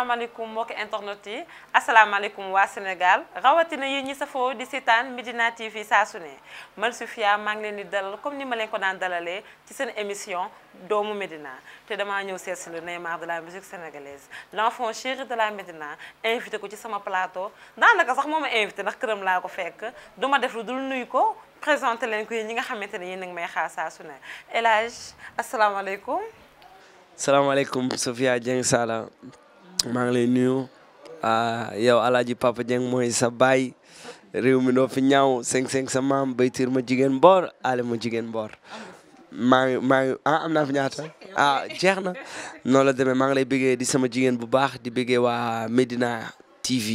asalaamaaleykum mbokki internet yi asalaamaaleykum waa Sénégal rawatina yéen ñi safoo di seetaan Medina TV saa su ne man Soufia maa ngi leen di dalal comme ni ma leen ko daan dalalee ci seen émission doomu Medina te damaa ñëw seet si le Neymar de la musique sénégalaise l'enfant chéri de la médina invité ko ci sama plateau daanaka sax moo ma invité ndax këram laa ko fekk duma def lu dul nuyu ko présenté leen ko yéen ñi nga xamante ne yéen a ngi may xaar saa su ne El Hadj asalaamaaleykum. maa ngi lay nuyu ah, yow alaaji Papa Dieng mooy sa baay réew mi doo fi ñaaw cinq cinq sa maam tiir ma jigéen mboor ale ma jigéen mboor maa ngi maa ah naa fi ñaata ah, jeex na noonu la demee maa ngi lay bëggee di sama jigéen bu baax di bëggee waa Medina TV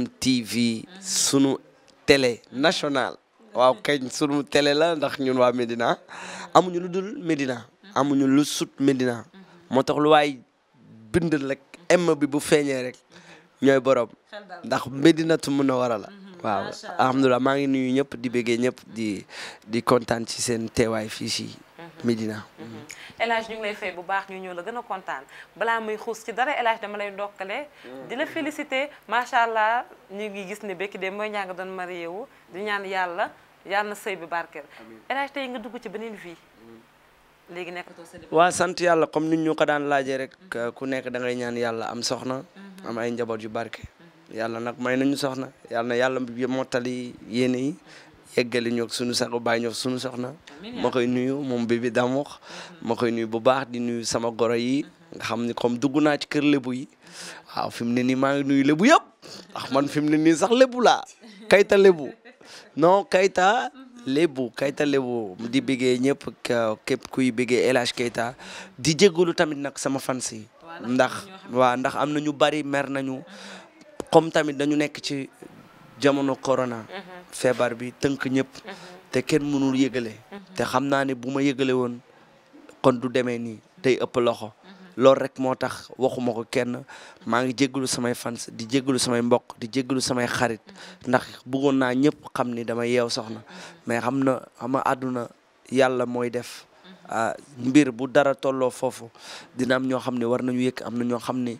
MTV sunu tele national waaw kañ sunu tele la ndax ñun waa Medina amuñu lu dul Medina amuñu lu sut Medina moo tax lu waay bind rek M bi bu feeñee rek ñooy borom ndax Medinatu Munawara la mhm, waaw alhamdulilah maa ngi nuyu ñëpp di béggee ñëpp di di kontaan ci seen teewaay fii si mhm, Medina. Mhm. El ñu ngi lay fay bu baax ñu ñëw la gën a kontaan balaa may xuus ci dara El Hadj dama lay dokkale di la félicité macha allah ñu ngi gis ne bekki de mooy ñaa nga doon marié di ñaan yàlla yàlla na sëy bi barkeel El tey nga dugg ci beneen vie. léegi nekkatoo célibataire sant yàlla comme nit ñu ko daan laajee rek mm-hmm. euh, ku nekk da ñaan yàlla am soxna mm-hmm. am ay njaboot yu barke mm-hmm. yàlla nag may nañu soxna yàlla na yàlla mottali yéene yi yeggali ñoog suñu sax bàyyi ñoog suñu soxna ma koy nuyu moom Bébé Damox ma koy nuyu bu baax di nuyu sama goro yi nga xam ni comme dugg naa ci kër lébu yi waaw fi mu ne nii maa ngi nuyu lébu yëpp ndax man fi mu ne nii sax lébu kayta lébu non kayta lébu Keita lébu di biggee ñëpp képp kuy biggee El Hadj di jégalu tamit nag sama fans yi ndax waa ndax am na ñu bari mer nañu comme tamit dañu nekk ci jamono corona mhm. feebar bi tënk ñëpp mhm. te kenn mënul yëgale mhm. te xam naa ne bu ma yëgale woon kon du demee nii tey ëpp loxo loolu rek moo tax waxuma ko kenn maa ngi jéggalu samay fans di jéggalu samay mbokk di jéggalu samay xarit ndax buggoon naa ñëpp xam ni damay yeew soxna mais xam na xam àdduna yàlla mooy def mhm. ah, mbir bu dara tolloo foofu dina am ñoo xam ne war nañu yëkk am na ñoo xam ne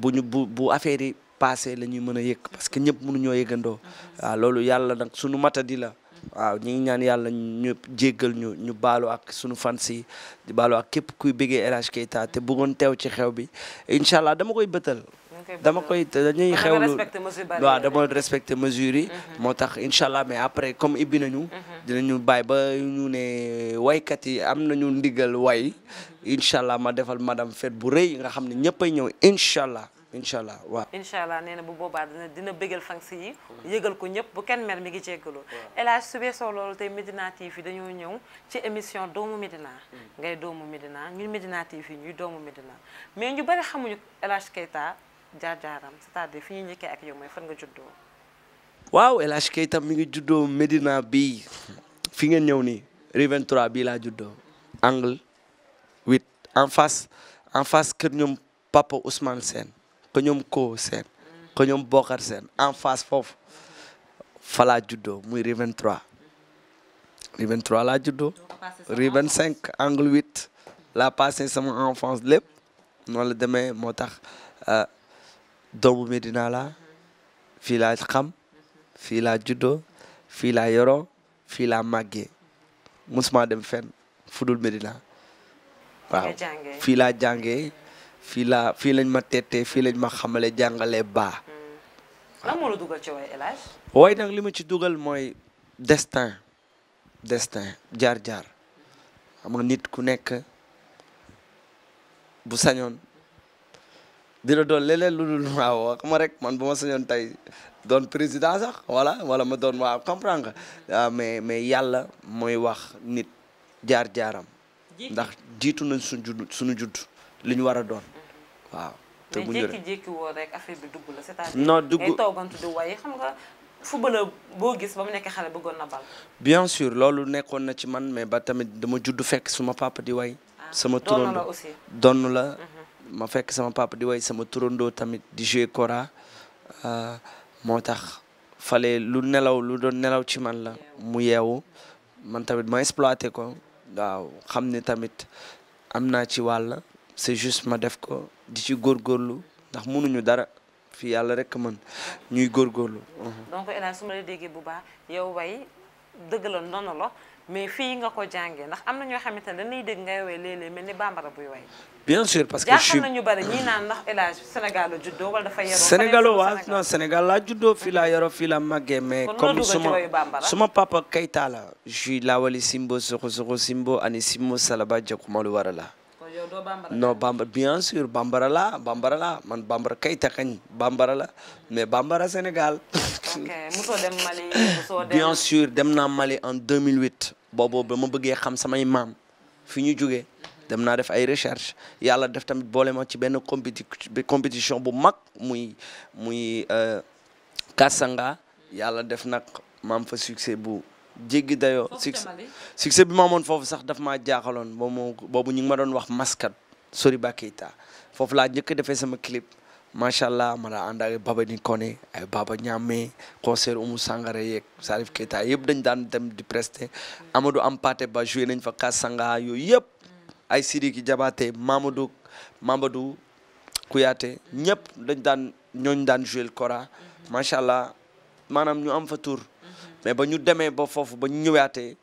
bu ñu bu bu affaire yi passé la ñuy mën a yëkk parce que ñëpp mënuñoo yëggandoo waaw mhm. ah, loolu yàlla nag sunu matadi la waaw ñi ngi ñaan yàlla ñu jéggal ñu ñu baalu ak suñu fans yi ak képp kuy bëggee El Hadj te bëggoon teew ci xew bi incha allah dama koy bëtal dama koy dañuy xewlu waaw dama respecté mesure yi mhm. moo tax incha allah mais après comme ibbi nañu mhm. dinañu bàyyi ba ñu ne waykat yi am nañu ndigal way mhm. incha ma defal madame fête bu rëy nga xam ne ñëpp ay ñëw incha incha allah waaw. incha allah nee na bu boobaa dina dina bëggal fans yi. yëgal ko ñëpp bu kenn mer mi ngi jéggalu. waaw El Hadj su beesoo loolu tey Medina TV dañoo ñëw ci émission doomu Medina. Mm. ngay doomu Medina ñun Medina TV ñuy doomu Medina mais ñu bari xamuñu El Hadj Keita jaar-jaaram c'est-à-dire fi ñuy njëkkee ak yow mooy fan nga juddoo. waaw El Hadj Keita mi ngi juddoo Medina bi fi ngeen ñëw nii rue bi bii laa juddoo. angle 8 en face en face kër ñoom papa Ousmane Sène. ko ñoom koo seen ko ñoom bokkar seen en face foofu falaa juddoo muy rue 23 rue 23 laa juddoo rue 25 angle 8 laa passé sama enfance lépp noonu la demee moo tax euh, doomu Medina laa fii laa xam fii laa juddo fii laa yoro fii laa màggee musuma dem fenn fudul Medina waaw fii laa jàngee fii laa fii lañ ma tettee fii lañ ma xamale jàngale baa. lan moo la ci way nag li ma ci dugal mooy destin destin jaar jaar xam nga nit ku nekk bu sañoon di la doon leneen lu dul waaw xam nga rek man bu ma sañoon tey doon président sax voilà wala ma doon waaw comprendre ah, mais mais yàlla mooy wax nit jaar jaaram. ndax jiitu na suñu judd judd. li ñu war a doon waaw. te affaire bi dugg la cest à boo gis ba mu nekk xale bëggoon na bal. bien sûr loolu nekkoon na ci man mais ba tamit dama judd fekk suma papa di way. Ah, sama turandoo donn la mhm. ma fekk sama papa di way sama turandoo tamit di jouer kora ah, moo tax fale lu nelaw lu doon nelaw ci man la mu yeewu man tamit ma exploité ko waaw xam ne tamit am naa ci wàll c'est juste ma def ko di ci góorgóorlu ndax mënuñu dara fii yàlla rek man ñuy góorgóorlu. Uh-huh. donc El Hadj su ma la déggee bu baax yow way dëgg la noonu la mais fii nga ko jàngee ndax am na ñoo xamante ne dañuy dégg ngay way léeg-léeg mel ni bambara buy way. bien sûr parce que je suis nañu bari ñii naan ndax El Hadj Sénégal la juddoo wala dafa yaroo. Sénégal waaw non Sénégal laa juddoo fii laa yaroo fii laa màggee mais. comme suma suma papa Keita la. je suis Lawali Simbo Soxo Soxo Simbo ani Simbo Salaba Jakumalu Warala. yow doo bambara bien sûr bambara la bambara la man bambara kayta kañ bambara la mais bambara Sénégal. ok mosoo dem dem bien sûr dem naa Mali en 2008 boobu ba ma bëggee xam samay maam fi ñu juge dem naa def ay recherche yàlla def tamit boole ma ci benn compéti compétition bu mag muy muy euh, Kasanga yàlla def nag maam fa succès bu. jéggi dayoo succès bi ma foofu sax daf ma jaaxaloon ba boobu ñu ngi ma doon wax maskat sori Bakita foofu laa njëkk defee sama clip macha allah ma daa ànd ak Baba ni Koné ay Baba Ñaame concert Oumou Sangaré yeeg Salif Keita yëpp dañ daan dem di prester Amadou Ampaté Ba joué nañ fa Kaas Sanga yooyu yëpp ay Sidiki Diabaté Mamadou Mamadou Kouyaté ñëpp dañ daan ñooñ daan joué Kora macha allah maanaam ñu am fa tur mais ba ñu demee ba foofu ba ñu ñëwaatee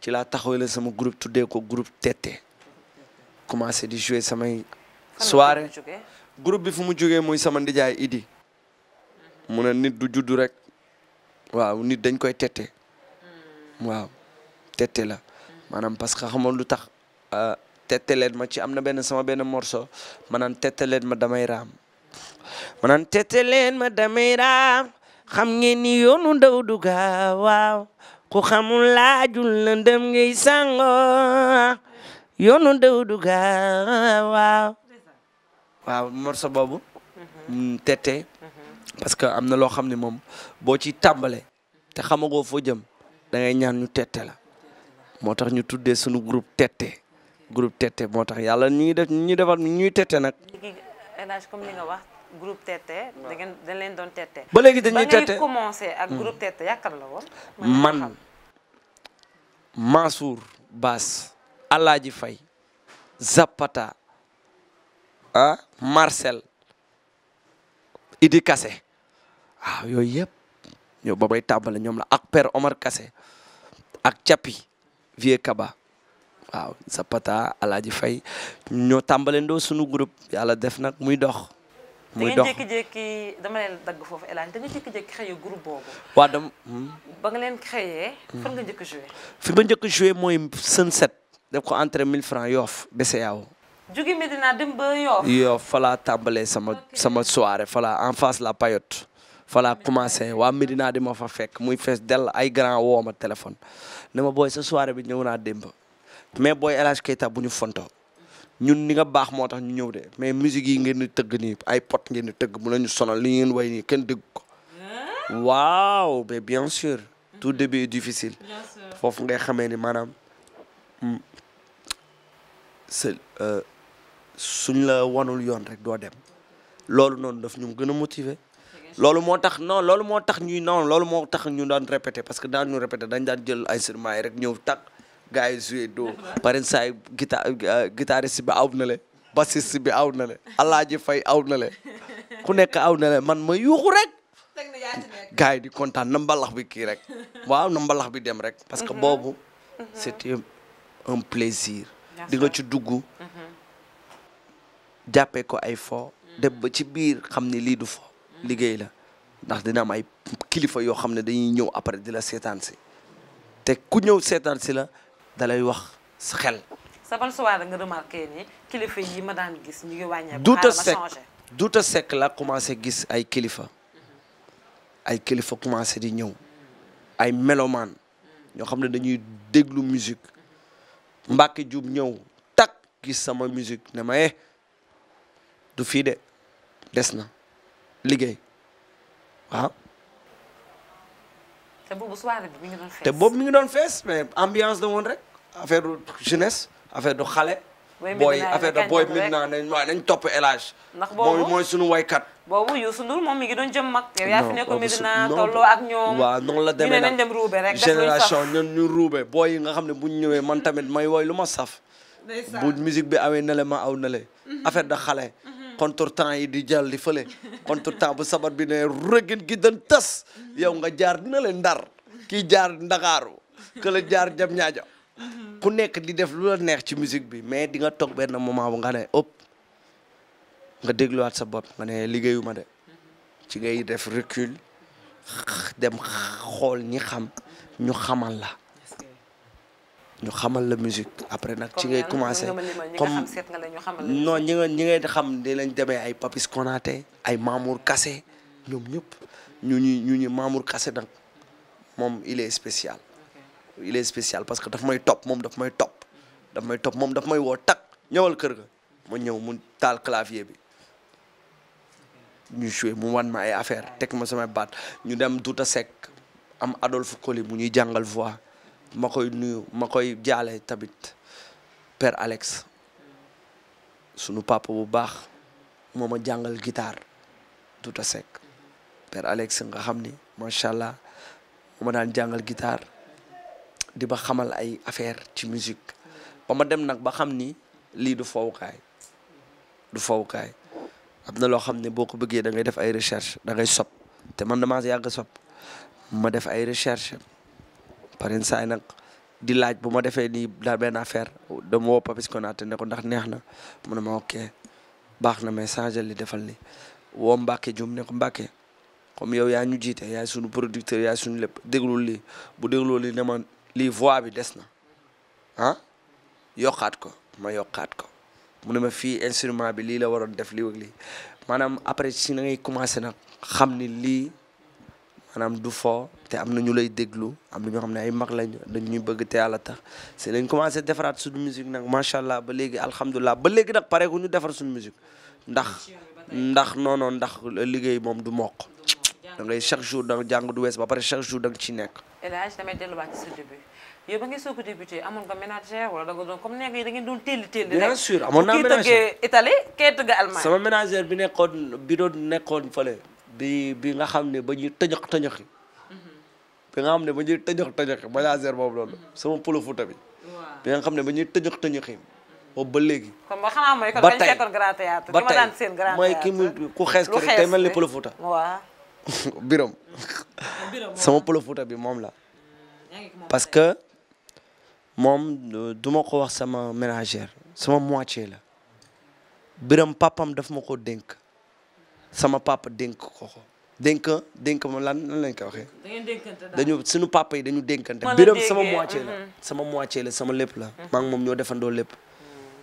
ci laa taxawale sama groupe tuddee ko groupe tete commencé di jouer samay soirée groupe bi fu mu jógee muy sama ndijaay Idi mu ne nit du juddu rek waaw nit dañ koy tete hmm. waaw Tété la maanaam parce que xamoon lu tax euh, tete leen ma ci am na benn sama benn morceau maanaam tete leen ma damay raam maanaam Tété leen ma damay raam xam ngeen ni yoonu ndaw du gaaw waaw ku xamul laajul na ndem ngay sango yoonu ndaw du gaaw waaw waaw morceau boobu mhm. mm, tete mhm. parce que am na loo xam ne moom boo ci tàmbale te xamagoo foo jëm da ngay ñaan ñu tette la moo tax ñu tuddee suñu groupe tette groupe tette moo tax yàlla ñu ngi def ñu defar ñuy tette nag comme wax groupe Tete. leen doon ba léegi dañuy Tete ba ak hmm. groupe Tete yàkkal la woon. man Mansour Bass Alaaji Fay Zapata ah Marcel Idi Kassé waaw ah, yooyu yëpp yow ba may tàmbale ñoom la ak Père Omar Kassé ak Capi Vieux Kaba. waaw Zapata Alaaji Fay ñoo tàmbalee ndoo sunu group yàlla def nag muy dox muy dox da ngeen jékki foofu Elane da nga boobu. waaw hmm? ba nga leen créé. fan nga njëkk a joué. fi mooy Sunset. def ko entrée 1000 francs Yoff BCEAO. jóge Medina dem ba Yoff. Yoff fa sama sama soirée fa en face la payotte. falaa laa commencé waa Medina di fa fekk muy fees dell ay grand woo ma téléphone. ne ma booy sa soirée bi ñëw naa démb mais booy El Hadj Keita bu ñu fonto ñun ni nga baax moo tax ñu ñëw de mais musique yi ngeen di tëgg nii ay pot ngeen di tëgg mu la ñu sonal li ngeen way nii kenn dégg ko waaw mais bien sûr tout début est difficile foofu ngay xamee ni maanaam hmm, c'est euh, suñ la wanul yoon rek doo dem loolu noonu daf ñu gën a motiver loolu moo tax non loolu moo tax ñu non loolu moo tax ñu daan répéter parce que daan ñu répéter dañ daan jël ay instruments yi rek ñëw tàkk gars yi joué doo paren saay guita euh, guitariste bi aw na le bassiste bi aw na le alaaji fay aw na le ku nekk aw na le man ma yuuxu rek gars yi di kontaan na mbalax bi kii rek waaw na mbalax bi dem rek parce que mhm. boobu mhm. c'était un plaisir di ci dugg mhm. jàppee ko ay fo def ba ci biir xam ni lii du fo liggéey la ndax dina am ay kilifa yoo xam ne dañuy ñëw après di la seetaan si te ku ñëw seetaan si la dalay wax sa xel. sabal suwaar nga remarqué ni kilifa yi ma daan gis ñu ngi wàññeeku. duuta sec duuta sec la commencé gis ay kilifa. ay kilifa commencé di ñëw ay melomaan ñoo xam ne dañuy déglu musique Mbacke Diouf ñëw takk gis sama musique ne ma eh du fii de des na liggéey waaw. te boobu soirée bi mi ngi doon fees. mais ambiance la woon rek. affaire du jeunesse affaire du xale. booy affaire da booy Medina nañ waaye nañ topp El Hadj. ndax boobu mooy mooy sunu waykat. boobu Youssou Ndour moom mi ngi doon jëm mag. yow yaa fi nekkoon Medina tolloo génération ñun ñu booy yi nga xam ne bu ñu ñëwee man tamit may woy lu ma saf. bu musique bi awee nele ma aw nele. Mhm. affaire da xale. Mhm. contre temps yi di jàll di fële. contre temps bu sabar bi ne rëggin gi dañ tas. Mhm. yow nga jaar na le ndar. kii jaar Ndakaaru. kële jaar jam ñaaja ku nekk di def lu la neex ci musique bi mais di nga toog benn moment bu nga ne ëpp nga dégluwaat sa bopp nga ne ma de ci ngay def recul dem xool ñi xam ñu xamal la ñu xamal la musique après nag ci ngay commencé comme non ñi nga ñi ngay xam di lañ demee ay Papis Konaté ay Mamour kase ñoom ñëpp ñu ñu ñu ñu Mamour Kassé nag moom il est il est spécial parce que daf may topp moom dafa may topp daf may moom daf may tak ñëwal kër ga ma ñëw mu taal clavier bi ñu joué mu wan ma ay affaire teg ma samay baat ñu dem Douta Seck am Adolphe Coly mu ñuy jàngal voix ma koy nuyu ma koy jaale tamit per Alex sunu papa bu baax moo ma jàngal guitare Douta Seck per Alex nga xam ni macha allah moo ma daan jàngal guitare di ma xamal ay affaire ci musique ba ma dem nag ba xam ni lii du fowukaay du fowukaay am na loo xam ne boo ko bëggee da ngay def ay recherche da ngay sob te man damaa yàgg sob ma def ay recherche pareen saay nag di laaj bu ma defee nii daal benn affaire dama woo Papis Konaté ne ko ndax neex na mu ne ma ok baax na mais changé li defal li woo Mbacke Dioum ne ko Mbacke comme yow yaa ñu jiite yaay sunu producteur yaay sunu lépp déglul lii bu déglul lii ne ma lii voix bi des na ah yokkaat ko ma yokkaat ko mu ne ma fii instrument bi lii la waroon def lii ak lii maanaam après si na ngay commencé nag xam ni lii maanaam du foo te am na ñu lay déglu am na ñoo xam ne ay mag lañ dañ ñuy bëgg te yàlla tax c'est lañ commencé defaraat suñu musique nag macha allah ba léegi alhamdulilah ba léegi nag pare ku ñu defar suñu musique ndax ndax non non ndax liggéey moom du mokk da ngay chaque jour da jàng du wees ba pare chaque jour da nga nekk. El Hadj damay delluwaat ci sa début yow ba ngay soog a débuté amoon nga ménagère wala da nga doon comme nekk yi da ngeen doon téeli téeli rek bien sûr amoon naa ménagère bi nekkoon bi bi nga xam ne ba ñuy tëñëx tëñëxi bi nga xam ne ba ñuy tëñëx tëñëxi ménagère boobu loolu sama polofuta bi bi nga xam ne ba ñuy tëñëx tëñëxi boobu ba ba xanaa mooy ba tey ma daan seen grand théâtre mooy ki mu ku xees ki rek tey mel ni polofuta waaw biram sama pël bi moom la parce que moom euh, duma ko wax sama ménagère sama moitié la biram papam daf ma ko dénk sama papa dénk ko ko dénk dénk ma lan lan lañ ko waxee dañu suñu papa yi dañu dénkante biram sama moitié la mm-hmm. sama moitié la sama lépp la maa ngi ñoo defandoo lépp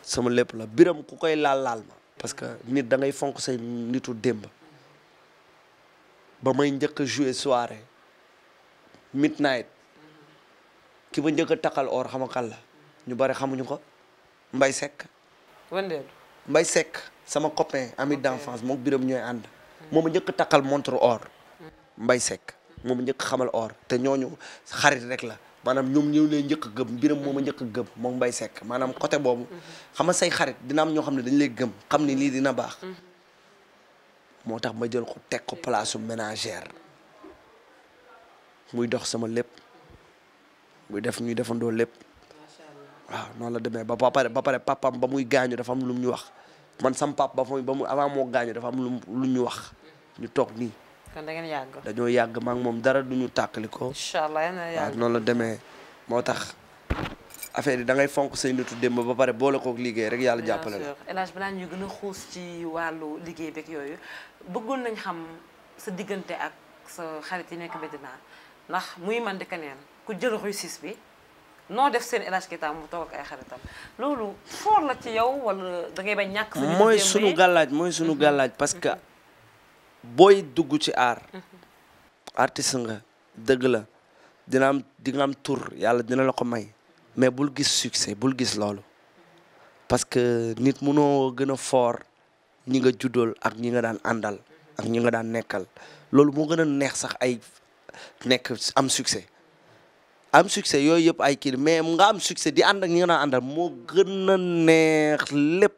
sama lépp la biram ku koy laal laal ma parce que nit da ngay sa say nitu démb ba may njëkk a jouer soirée midnight ki ma njëkk a takkal or xamakal la ñu bari xamuñu ko Mbay Sekk wëndeelu Mbay Sekk sama copain ami d'enfance moom biram ñooy ànd moom a njëkk a takkal montre or Mbay Sekk moom a njëkk xamal or te ñooñu xarit rek la maanaam ñoom ñëw lay njëkk a biram moom a njëkk a gëm moom Mbay Sekk maanaam côté boobu xam nga say xarit dina am ñoo xam ne dañ lay gëm xam ni lii dina baax moo tax ma jël ko teg ko palaasu ménagère muy dox sama lépp muy def ñuy defandoo lépp waaw noonu la demee ba pare ba pare papam ba muy gaañu dafa am lu ñu wax man sam pap ba ba mu avant moo gaañu dafa am lum lu ñu wax ñu toog nii. kon da ngeen yàgg. dañoo yàgg maa moom dara du ñu tàkkali ko. incha allah noonu la demee moo tax. affaire yi da ngay fonk say nitu démb ba pare boole kook liggéey rek yàlla jàppale la. El Hadj balaa ñuy a xuus ci wàllu liggéey beeg yooyu bëggoon nañ xam sa diggante ak sa xarit yi nekk ndax muy man di ku jël Rue 6 bi noo def seen El mu toog ay xaritam loolu ci yow wala da ngay bañ ñàkk. mooy sunu gàllaaj mooy sunu mhm. gàllaaj parce que mhm. booy dugg ci aar. Mhm. artiste nga dëgg la dina am di am tur yàlla dina la ko may. mais bul gis succès bul gis loolu parce que nit mënoo gën a foor ñi nga juddool ak ñi nga daan àndal ak ñi nga daan nekkal loolu moo gën a neex sax ay nekk am succès am succès yooyu yëpp ay kii mais nga am succès di ànd ak nga daan àndal moo gën a neex lépp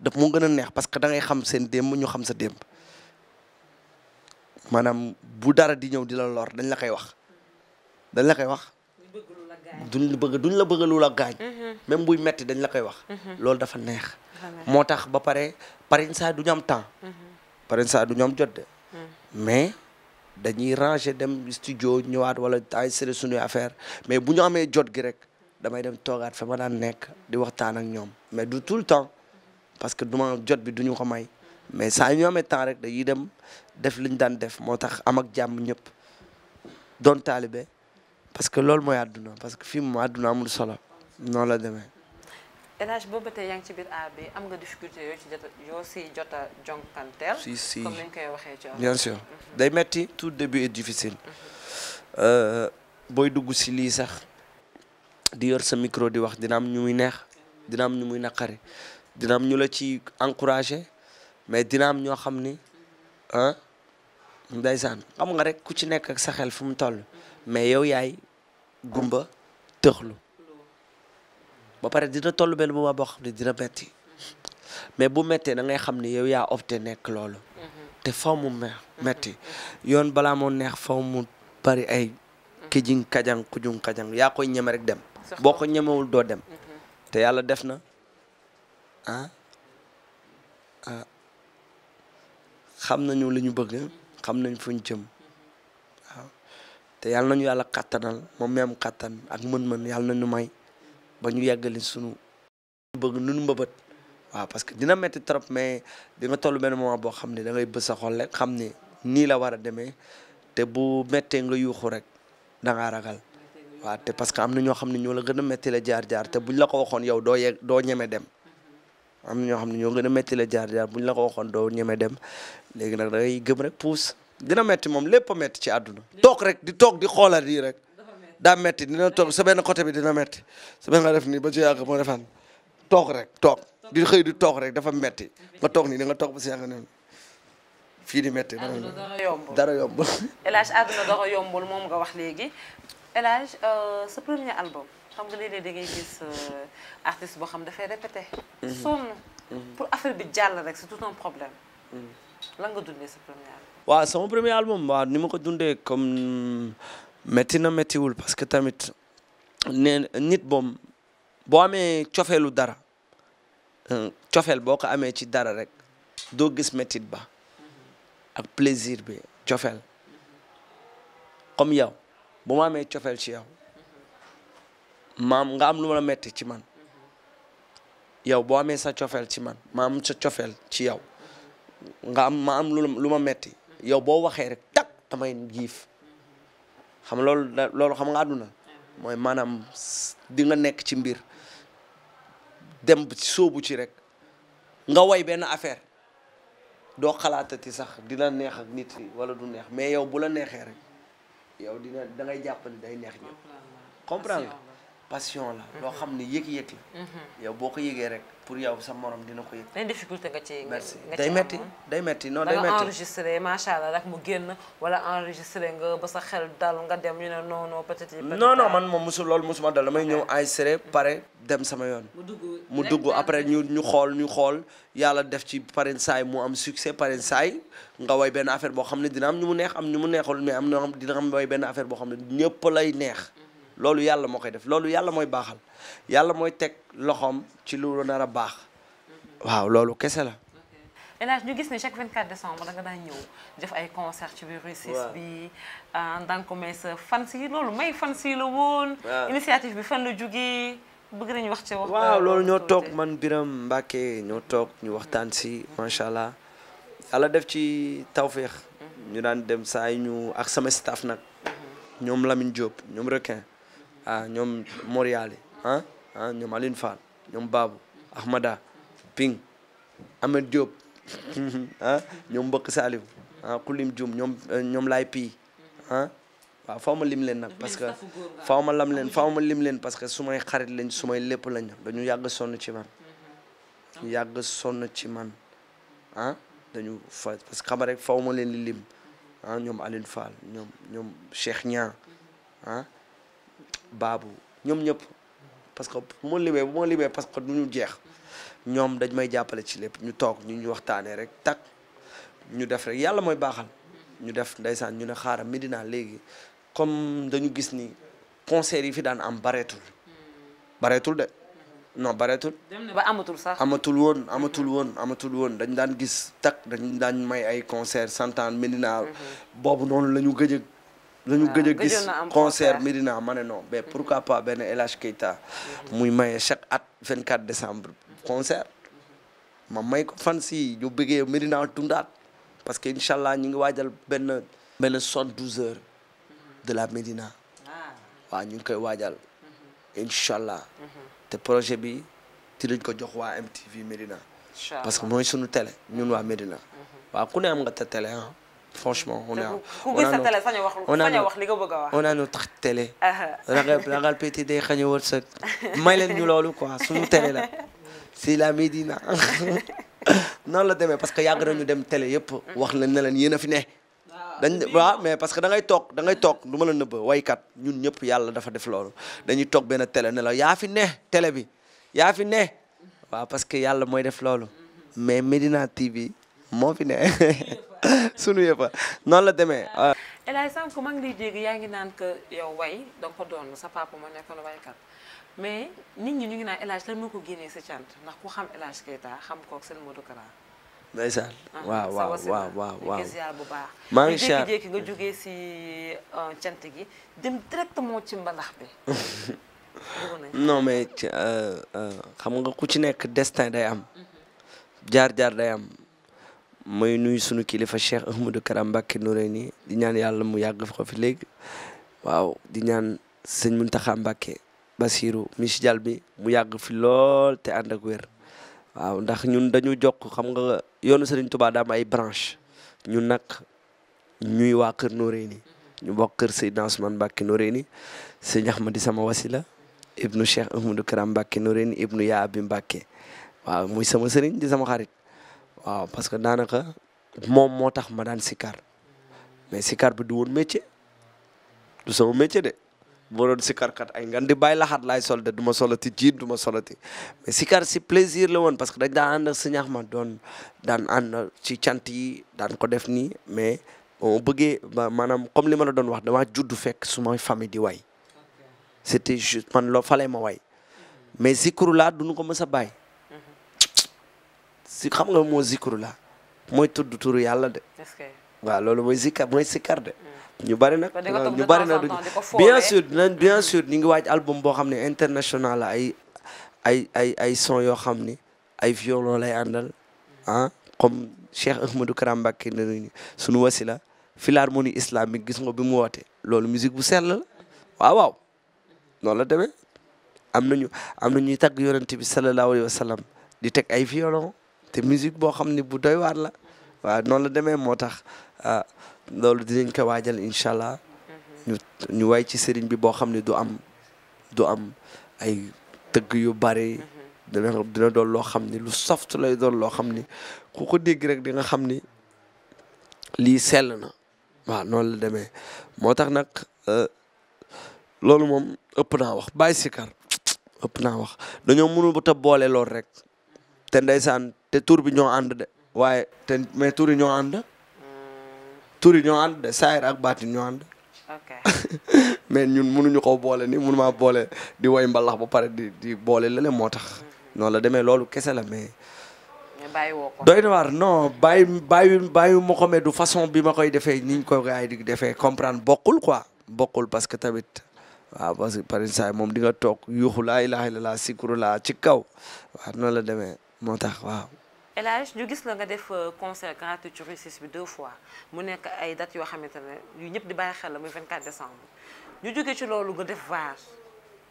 daf moo gën a neex parce que da ngay xam seen démb ñu xam sa démb maanaam bu dara di ñëw di la loor dañ la koy wax dañ la koy wax duñ la la bëgg lu la gaañ. Mm-hmm. même buy metti dañ la koy wax. Mm-hmm. lool dafa neex. moo tax ba pare parrain saa ñam ñu am temps. Mm-hmm. parrain saa jot de. mais dañuy ranger dem studio ñëwaat wala ay sere suñuy affaire mais bu ñu amee jot gi rek damay dem toogaat fa ma daan nekk di waxtaan ak ñoom mais du tout le temps parce que duma jot bi duñu ko may. mais saa ñu amee temps rek dañuy dem def li ñu daan def moo tax am ak jàmm ñëpp taalibe. parce que loolu mooy àdduna parce que fii moom àdduna amul solo noonu la demee. El Hadj boobu ba tey yaa ngi ci biir aar bi am nga difficulté yoo jot a yoo si jot si si koy waxee ci bien mhm. day metti tout début est difficile. Mhm. Euh, booy dugg si lii sax di yor sa micro di wax dina am ñu muy neex dina am ñu muy naqari dina am ñu la ci encouragé mais dina am ñoo xam ni ah ndeysaan xam nga rek ku ci nekk ak sa xel fu mu toll mais yow yaay. gumba tëxlu ba pare dina toll benn moment boo xam ne dina metti mais bu mettee da ngay xam ni yow yaa opté nekk loolu te faw mu metti yoon balaa moo neex faw mu bari ay kijin kajang kujung kajang yaa koy ñeme rek dem boo ko ñemewul doo dem mhm. te yàlla def na ah ah xam nañu li ñu bëgg xam nañ fuñ jëm te yàlla nañu yàlla kàttanal moom mi am kàttan ak mën-mën na nañu may ba ñu yeggali sunu bëgg nunu mbëbët waaw parce que dina metti trop mais di nga toll benn moment boo xam ne da ngay xol rek xam ne nii la war a demee te bu méttee la yuuxu rek da ragal waaw te parce que am na ñoo xam ne ñoo la gën a métti la jaar-jaar te buñ la ko waxoon yow doo yegg ñeme dem am ñoo xam ne ñoo gën a métti la jaar-jaar buñ la ko waxoon doo ñeme dem léegi nag da ngay rek puus dina metti moom lépp a metti ci àdduna toog rek di toog di xoolal yi rek daa metti dina toog sa benn côté bi dina metti sa benn nga def nii ba ci yàgg moo defaan toog rek toog di xëy di toog rek dafa metti nga toog nii da nga toog ba si yàgg ne fii di metti dara yombul El Hadj àdduna dara yombul moom nga wax léegi El Hadj euh, sa premier xam nga léeg-léeg da euh, boo xam dafay répété mhm. sonn mhm. pour bi jàll rek c'est tout un waa sama premier album waaw ni ma ko dundee comme métti na méttiwul parce que tamit nee nit boom boo amee cofeelu dara cofeel boo ko amee ci dara rek doo gis méttit ba ak plaisir bi cofeel comme yow bu amee cofeel ci yow maam nga am lu ma la metti ci man yow boo amee sa cofeel ci man ma am sa cofeel ci yow nga am ma metti yow boo waxee rek tak tamay giif xam loolu da loolu xam nga àdduna mooy maanaam di nekk ci mbir dem sóobu ci rek nga woy benn affaire doo xalaatati sax dina neex nit yi wala du neex mais yow bu la neexee rek yow dina da jàpp ne day neex ñëpp comprendre passion la loo mhm. xam ne yëg-yëg la mhm. yow boo ko yëgee rek pour yow sa morom dina ko yëg lan difficulté nga ci merci day metti day metti non day metti nga enregistré macha allah rek mu génn wala enregistré nga ba sa xel dal nga dem ñu ne non non peut-être non non man moom mosul loolu mosuma dal damay ñëw enregistré mhm. sama yoon mu dugg après ñu ñu xool ñu xool yàlla def ci parrain saay mu am succès parrain saay nga way benn affaire boo xam ne dina am ñu mu neex am ñu mu neexul mais am na dina am way benn affaire boo xam ne ñëpp lay neex loolu yàlla moo koy def loolu yàlla mooy baaxal yàlla mooy teg loxoom ci lu nar a baax waaw loolu kese la. El Hadj gis ne chaque 24 décembre da nga daan ñëw def ay concert ci biir Russie bi euh, daan ko may sa fans loolu may fans yi la woon. initiative bi fan la bëgg nañu wax ci euh, loolu ñoo toog man biram Mbacke ñoo toog ñu waxtaan si macha allah yàlla def ci tawféex. Mhm. ñu daan dem saa ñu ak sama staff nag. Mhm. ñoom Lamine Diop ñoom Requin. ah ñoom Moriali ah ah ñoom Aline Fall ñoom Babou Ahmada Ping Ahmed Diop ah ñoom Mbëkk Saliou ah ku lim Dioum ñoom laay pii waa waaw ma lim leen nag parce que faw ma lam leen faw ma lim leen parce que su may xarit lañ su lépp lañ dañu yàgg sonn ci man mm-hmm. ñu yàgg sonn ci man ah dañu fa parce que xam ma leen di lim ah, ñoom Aline Fall ñoom ñoom Cheikh Niang ah. baabu ñoom ñëpp parce que bu ma limee bu parce que du ñu jeex ñoom dañ may jàppale ci lépp ñu toog ñu ñu waxtaanee rek tak ñu def rek yàlla mooy baaxal ñu def ndeysaan ñu ne xaaral Médina léegi comme dañu gis ni concert yi fi daan am bareetul hmm. bareetul de non bareetul. amatul sax. amatul woon amatul woon amatul woon dañ daan gis tak dañ daan may ay concert santaan Médina hmm. boobu noonu la ñu gëj la gëj a gis concert Médina ma ne non mais pourquoi pas benn El Hadj Keita muy maye chaque at 24 décembre concert ma may ko fan si ñu bëggee Médina tundaat parce que incha allah ñu ngi waajal benn benn 72 heures de la Médina ah. waaw ñu ngi koy waajal mhm. incha allah mhm. te projet bi ti lañ ko jox waa m Médina parce que mooy sunu télé ñun waa Médina mhm. waaw ku am nga ta télé ah franchement on a. on a on a notre télé. ragal ragal pété day xañu wërsëg may leen ñu loolu quoi suñu télé la c'est la Médina noonu la demee parce que yàgg ñu dem tele yëpp wax leen ne leen yéen a fi ne. Ah, dañ waaw mais parce que da ngay toog da ngay toog du ma la nëbb waykat ñun ñëpp yàlla dafa def loolu dañuy toog benn télé ne yaa fi ne télé bi yaa fi ne waaw parce que yàlla mooy def loolu mais Médina TV moo fi ne. sunu yëfa noonu la demee. Ah. El Hadj Sànq maa ngi lay dégg yaa ngi naan que yow way da ko doon sa papa moo nekkoon waykat mais nit ñi ñu ngi naan El Hadj moo ko génnee sa cant ndax ku xam El Hadj xam kook seen Modou Kara. ndeysaan ah, waaw waaw waaw waaw bu baax. maa ngi ziar jékki nga jógee si euh, cant gi dem directement ci mbalax bi. non mais euh, euh, xam nga ku ci nekk destin day am. Mhm. jaar jaar day am. mooy nuyu sunu kilifa Cheikh Ahmadou Kara Mbacké Noreyni di ñaan yàlla mu yàgg ko fi léegi waaw di ñaan sëñ Mountakha Mbacké Bassirou misi jal bi mu yàgg fi lool te ànd ak wér waaw ndax ñun dañu jokk xam nga yoonu Serigne Touba daa am ay branche ñun nag ñuy waa kër Noreyni ñu bokk kër Seydina Ousmane Mbacké Noreyni sëñ di sama wasila ibnu Cheikh Ahmadou Kara Mbacké Noreyni ibnu Yaabi Mbacké waaw muy sama sëriñ di sama xarit parce que daanaka moom moo tax ma daan sikar mais sikar bi du woon métier du sama métier de boo doon sikarkat ay ngan di bàyyi laxaat laay sol de du ma solati jiin du ma solati mais sikar si plaisir la woon parce que dañ daan ànd ak si ñax ma daan ànd ci cant yi daan ko def nii mais boo bëggee maanaam comme lima la doon wax damaa judd fek suma famille di way c'était juste man loo falee ma way mais sikru laa duñu ko mës a si xam nga moo zikru la mooy tudd turu yàlla de. waaw loolu mooy zikar mooy sikar de. Hmm. ñu bari nag ñu bari nag du bien sûr dinañ bien sûr ñu ngi waaj album boo xam ne international la ay ay ay ay son yoo xam ni ay violon lay àndal ah comme Cheikh Ahmadou Karam Mbacké ne sunu wasila philharmonie islamique gis nga bi mu woote loolu musique bu sell la waaw waaw noonu la demee am nañu am nañuy tagg yonent bi sallallahu alayhi wa sallam di teg ay violon te musique boo xam ne bu doy waar la waaw noonu la demee moo tax ah loolu dinañ ko waajal incha allah ñu way ci sëriñ bi boo xam ne doo am du am ay tëgg yu bari dina dina loo xam ni lu soft lay doon loo xam ni ku ko dégg rek di nga xam ni lii sell na waaw noonu la demee moo tax nag euh, loolu moom ëpp naa wax bàyyi sikar ëpp naa wax dañoo mënul bu ta boole lool rek te ndeysaan te tur bi ñoo ànd de waaye te mais tur yi ñoo ànd tur yi ñoo de mais ñun mënuñu ko boole ni mënu maa boole di woy mbalax ba pare di di boole lële moo tax noonu la demee loolu kese la mais bàyyi woo ko doy na waar non bàyyi bàyyi bàyyi ma du façon bi ma koy defee niñ ko gars yi di defee comprendre bokkul quoi bokkul parce que tamit waaw parce que par exemple moom di nga toog yuuxu laa ilaha la sikru laa ci kaw waaw noonu la demee moo tax waaw El ñu gis la nga def euh, concert gratuit ci Russie bi deux fois mu nekk ay dates yoo xamante ne yu ñëpp di bàyyi xel la muy 24 décembre ñu jóge ci loolu nga def vaar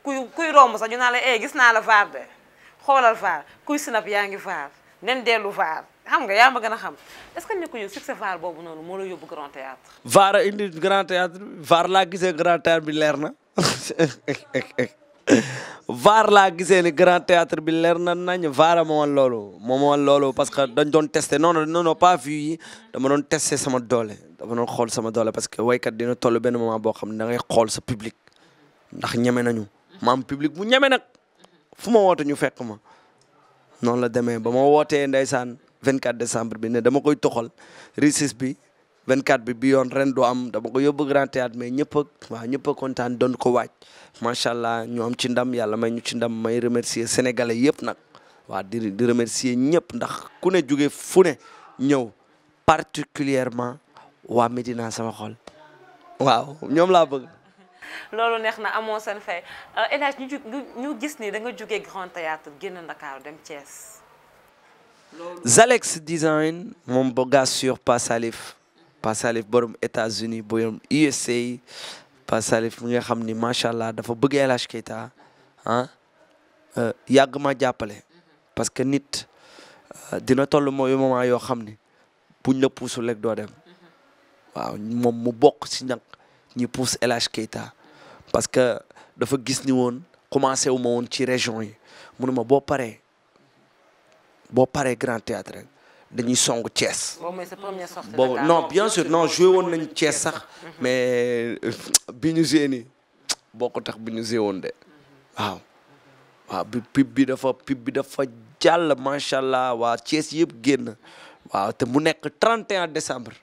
kuy kuy romb sax ñu naa la eh gis naa la vaar de xoolal vaar kuy sinap yaa ngi vaar nen dellu vaar xam nga yaa ma gën a xam est ce que nekku yow succès vaar boobu noonu moo la yóbbu grand théâtre vaar a indi grand théâtre vaar laa gisee grand théâtre bi leer na vaar laa gisee ni grand théâtre bi leer na nañ vaara ma woon loolu moo ma loolu parce que dañ doon testé non non non pas vu yi dama doon testé sama doole dama xool sama doole parce que waykat dina toll benn moment boo xam ne da xool sa public ndax ñeme nañu ma am public bu ñeme nag fu ma woote ñu fekk ma noonu la demee ba ma wootee ndeysaan 24 décembre bi ne dama koy toxal réussite bi 24 bi bi yoon ren du am dama ko yóbbu Grand Théâtre mais ñëpp ak waaw kontaan doon ko waaj macha allah ñu am ci ndam yàlla may ñu ci ndam may remercier sénégalais yëpp nag waa di remercier ñëpp ndax ku ne jóge fu ne ñëw particulièrement waa naa sama xol waaw ñoom laa bëgg. loolu neex na amoo seen fay euh, El ñu gis ni danga nga jógee Grand Théâtre génn Ndakaaru dem Thiès. Zalex design moom boga sur pas Salif Pa Salif borom États-Unis borom USA Pa Salif mi nga xam ni macha allah dafa bëgg El Hadj Keita ah euh, yàgg ma jàppale. parce que nit euh, dina toll mooy moment yoo xam ni buñ la puusul rek doo dem mu bokk si ñag ñi puus El Hadj Keita parce que dafa gis ni woon commencé wu ma woon ci région yi munuma boo paree boo paree grand théâtre dañuy song Thiès. moom mooy sa première sortie boobu non bien sûr non joué woon nañ Thiès sax. Mhm. mais euh, bi ñu joué nii boo ko tax bi ñu woon de waaw. bi pib bi dafa pib bi dafa jàll macha allah waa Thiès yëpp génn waaw te mu nekk 31 décembre.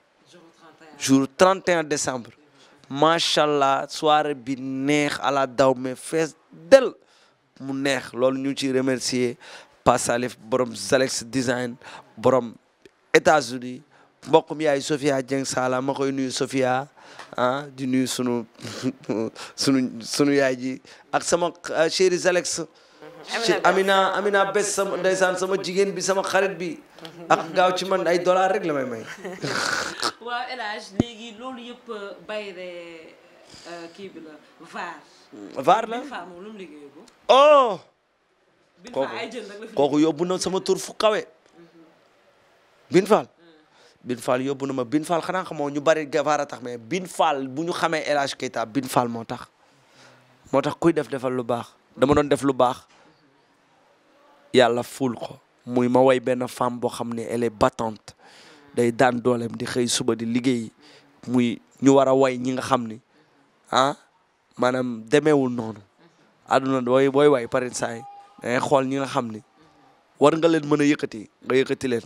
jour 31 décembre. macha allah soirée bi neex ala daw mais fees del mu neex loolu ñu ci remercier Pa Salif borom Zalex design borom États-Unis mbokkum yaay Sofia Dieng Sala ma koy nuyu Sofia ah di nuyu sunu sunu sunu ji ak sama ah, chéri Zalex Amina Amina bés sama jigéen bi sama xarit bi ak gaaw ci man ay dollar rek may may waaw kooku kooku yóbbu na sama tur fu kawe. Bin mm-hmm. Bin Fall yóbbu na ma Bin Fall xanaa xamoo ñu bari Gavara tax mais Bin Fall bu ñu xamee El Hadj Keita Bin Fall moo tax. moo tax kuy def defal lu baax dama doon def lu baax mm-hmm. yàlla ful ko muy ma woy benn femme boo xam ne elle est battante day daan dooleem di xëy suba di liggéey muy ñu war a way ñi nga xam ni ah maanaam demeewul noonu mm-hmm. àdduna booy way parin saa dangay xool ñi nga xam ni war nga leen mën a yëkkati nga yëkkati leen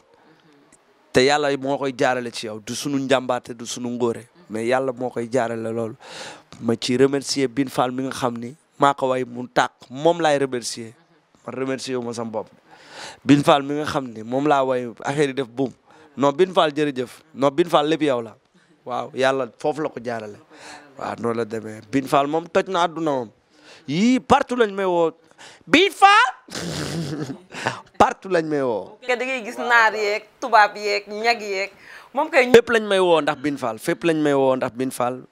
te yàlla moo koy jaarale ci yow du sunu njàmbaate du sunu ngóore mais yàlla moo koy jaarale lool ma ci remercier bin Fall mi nga xam ni maa ko way mu tàq moom laay remercier ma remercier wu ma sam bopp Bine Fall mi nga xam ni moom laa way affaire def buum non Bine Fall jërëjëf non Bine Fall lépp yow la waaw yàlla foofu la ko jaarale waaw la demee Bine Fall moom toj na àdduna moom yii partout lañ may bii faa partout lañ may woo. da ngay gis naar yeeg tubaab yeeg ñag yeeg moom kay. fépp lañ may woo ndax Bin Fall fépp lañ may woo ndax Bin Fall.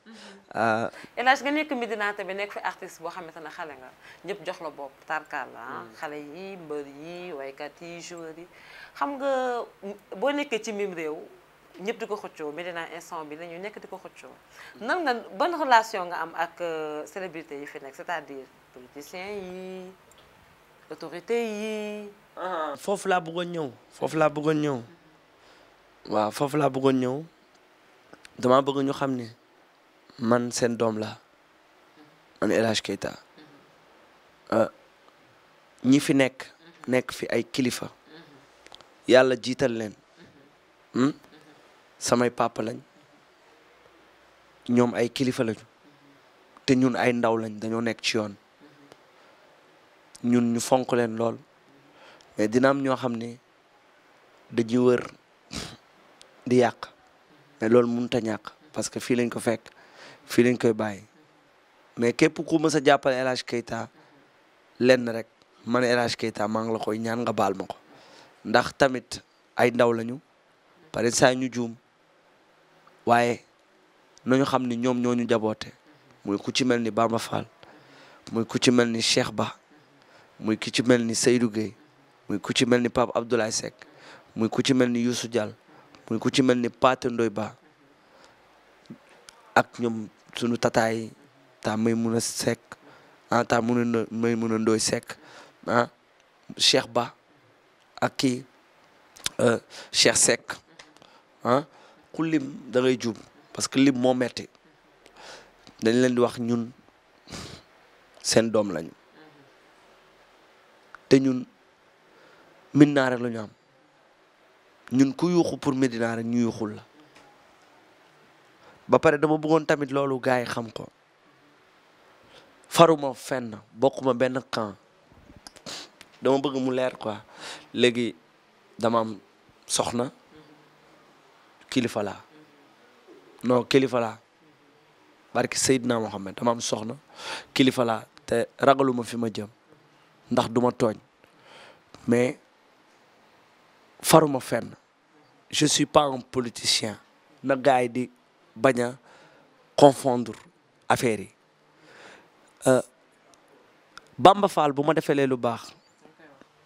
El eh, Hadj nga nekk Medina bi nekk fi artiste boo xamante ne xale nga ñëpp jox la bopp tarkaal la ah. mm. xale yi mbër yi waykat yi joueurs yi xam nga boo nekkee ci mim réew ñëpp di ko xëccoo Medina instant bi la ñu nekk di ko xëccoo nan nga ban relation nga am ak euh, célébrité yi fi nekk c'est-à-dire. politiciens uh-huh. foofu laa bëggoon ñëw foofu laa bëggoon ñëw waaw foofu laa bëggoon ñëw dama bëgg ñu xam ne man seen doom la man El Hadj uh-huh. uh, ñi fi nekk uh-huh. nekk fi ay kilifa yàlla jiital leen hmm? samay papa lañ ñoom ay kilifa lañu te ñun ay ndaw lañ dañoo nekk ci yoon. ñun ñu fonk leen lool mais dina am ñoo xam ne dañuy wër di yàq mais loolu mënut a ñàkk parce que fii lañ ko fekk fii lañ koy bàyyi mais képp ku mës a jàppale El Hadj Keita lenn rek man El Hadj Keita maa ngi la koy ñaan nga baal ma ko ndax tamit ay ndaw lañu pare saa ñu juum waaye nañu xam ni ñoom ñooñu ñu jaboote muy ku ci mel ni Bamba Fall muy ku ci mel ni Cheikh Ba. muy ku ci mel ni Seydou Gueye muy ku ci mel ni Pape Abdoulaye sek muy ku ci mel ni yusu jal muy ku ci mel ni Pathé Ba ak ñoom sunu tataay ta may mun sek Seck ah ta mun a may mun a Cheikh Ba ak ki euh, Cheikh Seck ah ku lim da jub parce que lim moo metti dañ leen di wax ñun seen doom lañu te ñun Médina rek la ñu am ñun ku yuuxu pour Médina rek ñu yuuxul la ba pare dama bëggoon tamit loolu gars yi xam ko faruma fenn bokkuma benn camp dama bëgg mu leer quoi léegi dama am soxna kilifa laa non kilifa laa barki Seydina Mohamed dama am soxna kilifa laa te ragaluma fi ma jëm ndax du ma tooñ mais faruma fen je suis pas un politicien na gars yi di baña a confondre affaire yi euh, Bamba Fall bu ma defeelee lu baax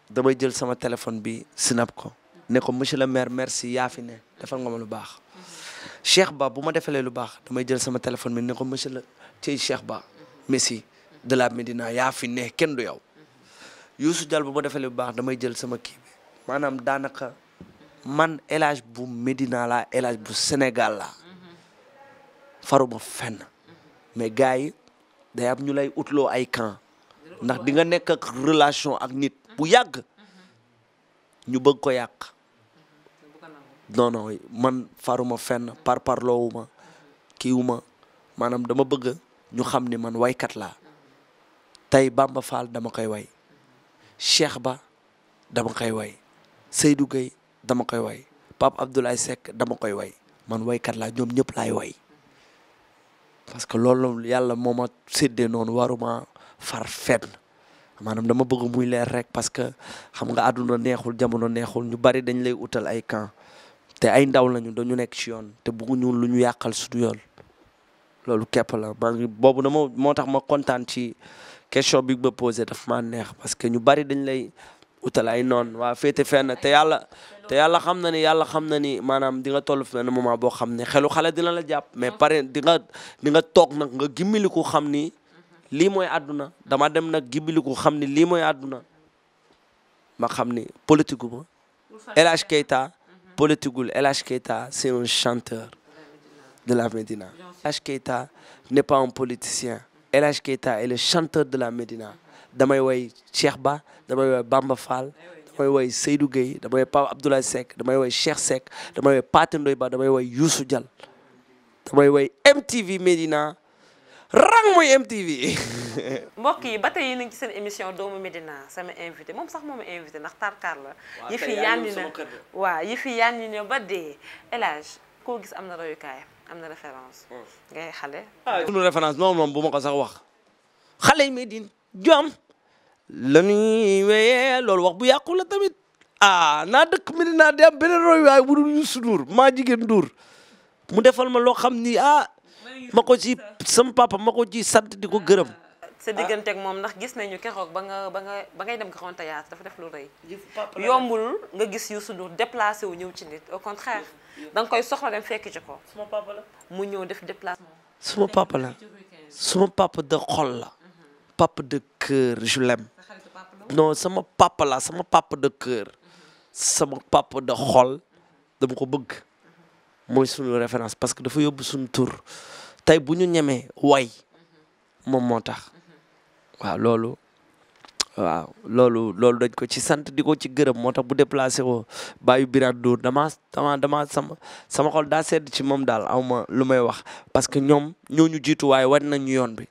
damay jël sama téléphone bi snap ko ne ko monsieur le maire merci yaa fi ne defal nga ma lu baax Cheikh Ba bu ma defeele lu baax damay jël sama téléphone bi ne ko monsieur le tey Cheikh Ba messi de la Médina yaa fi ne kenn du yow Youssou Diall bu ma defalee bu baax damay jël sama kii bi maanaam daanaka man El bu medina la El bu Sénégal la faruma fenn mais gars yi day ñu lay utloo ay camp ndax di nga nekk ak relation ak nit bu yàgg ñu bëgg ko yàq non non man faruma fenn par parloowuma kiiwuma maanaam dama bëgg ñu xam ni man waykat laa tey Bamba Fall dama koy way Cheikh Ba dama koy way Seydou Gueye dama koy way Pape Abdoulaye Seck dama koy way man waykat laa ñoom ñëpp laay way parce que loolu yàlla moo ma séddee noonu waruma far fenn maanaam dama bëgg muy leer rek parce que xam nga àdduna neexul jamono neexul ñu bari dañ lay utal ay camp te ay ndaw lañu dañu nekk ci yoon te buggu bëgguñu lu ñu yàqal suñu yoon loolu képp moo tax ma kontaan ci question bi ma posé daf maa neex parce que ñu bari dañ lay utal ay noon waa féete fenn te yàlla te yàlla xam na ni yàlla xam na ni maanaam di nga toll fenn moment boo xam ne xelu xale dina la jàpp mais pare di nga di nga toog nag nga gimmiliku xam ni lii mooy àdduna dama dem nag gimmiliku xam ni lii mooy àdduna ma xam ni politique ma El Hadj Keita politique gul la Médina politicien El Hadj Keita est le chanteur de la Médina damay woy Cheikh Ba damay woy Bamba Fall damay woy Seydou Gueye damay woy Pape Abdoulaye damay woy Cheikh Seck damay woy Pathé Ndoye Ba damay woy Youssou Dial damay woy MTV Médina rang mooy MTV. mbokk yi ba tey yéen a ngi émission doomu Médina sama invité moom sax moom invité ndax tarkaar la. yi fi yànni yi na ba dee El Hadj koo gis am na royukaayam. am na référence. Oh. ngay xale. Ah, moom bu ma ko sax wax yi Médine jom la ñuy wéyee loolu wax bu yàqu la tamit ah naa dëkk Médine naa di am beneen roy waaye bu maa jigéen Ndour mu defal ma loo xam ni ah ma ko ci sama papa ma ko ci sant di ko gërëm. sa digganteeg moom ndax gis nañu keroog ba nga ba nga ba ngay dem grand théâtre dafa def lu rëy yombul nga gis Youssou Ndour déplacé wu ñëw ci nit au contraire da nga koy soxla dem fekk ci ko suma papa mu ñëw def déplacement suma papa la suma papa de xol sama papa sama papa de cœur sama papa de xol dama ko bëgg mooy suñu référence parce que dafa yóbbu suñu tur tey bu ñu ñemee way moom moo tax waaw loolu waaw loolu loolu dañ ko ci sant di ko ci gërëm moo tax bu déplacé woo bàyyu biraat dóor damaa dama dama sama sama xol daa sedd ci moom daal awma lu may wax parce que ñoom ñooñu jiitu waaye war nañu yoon bi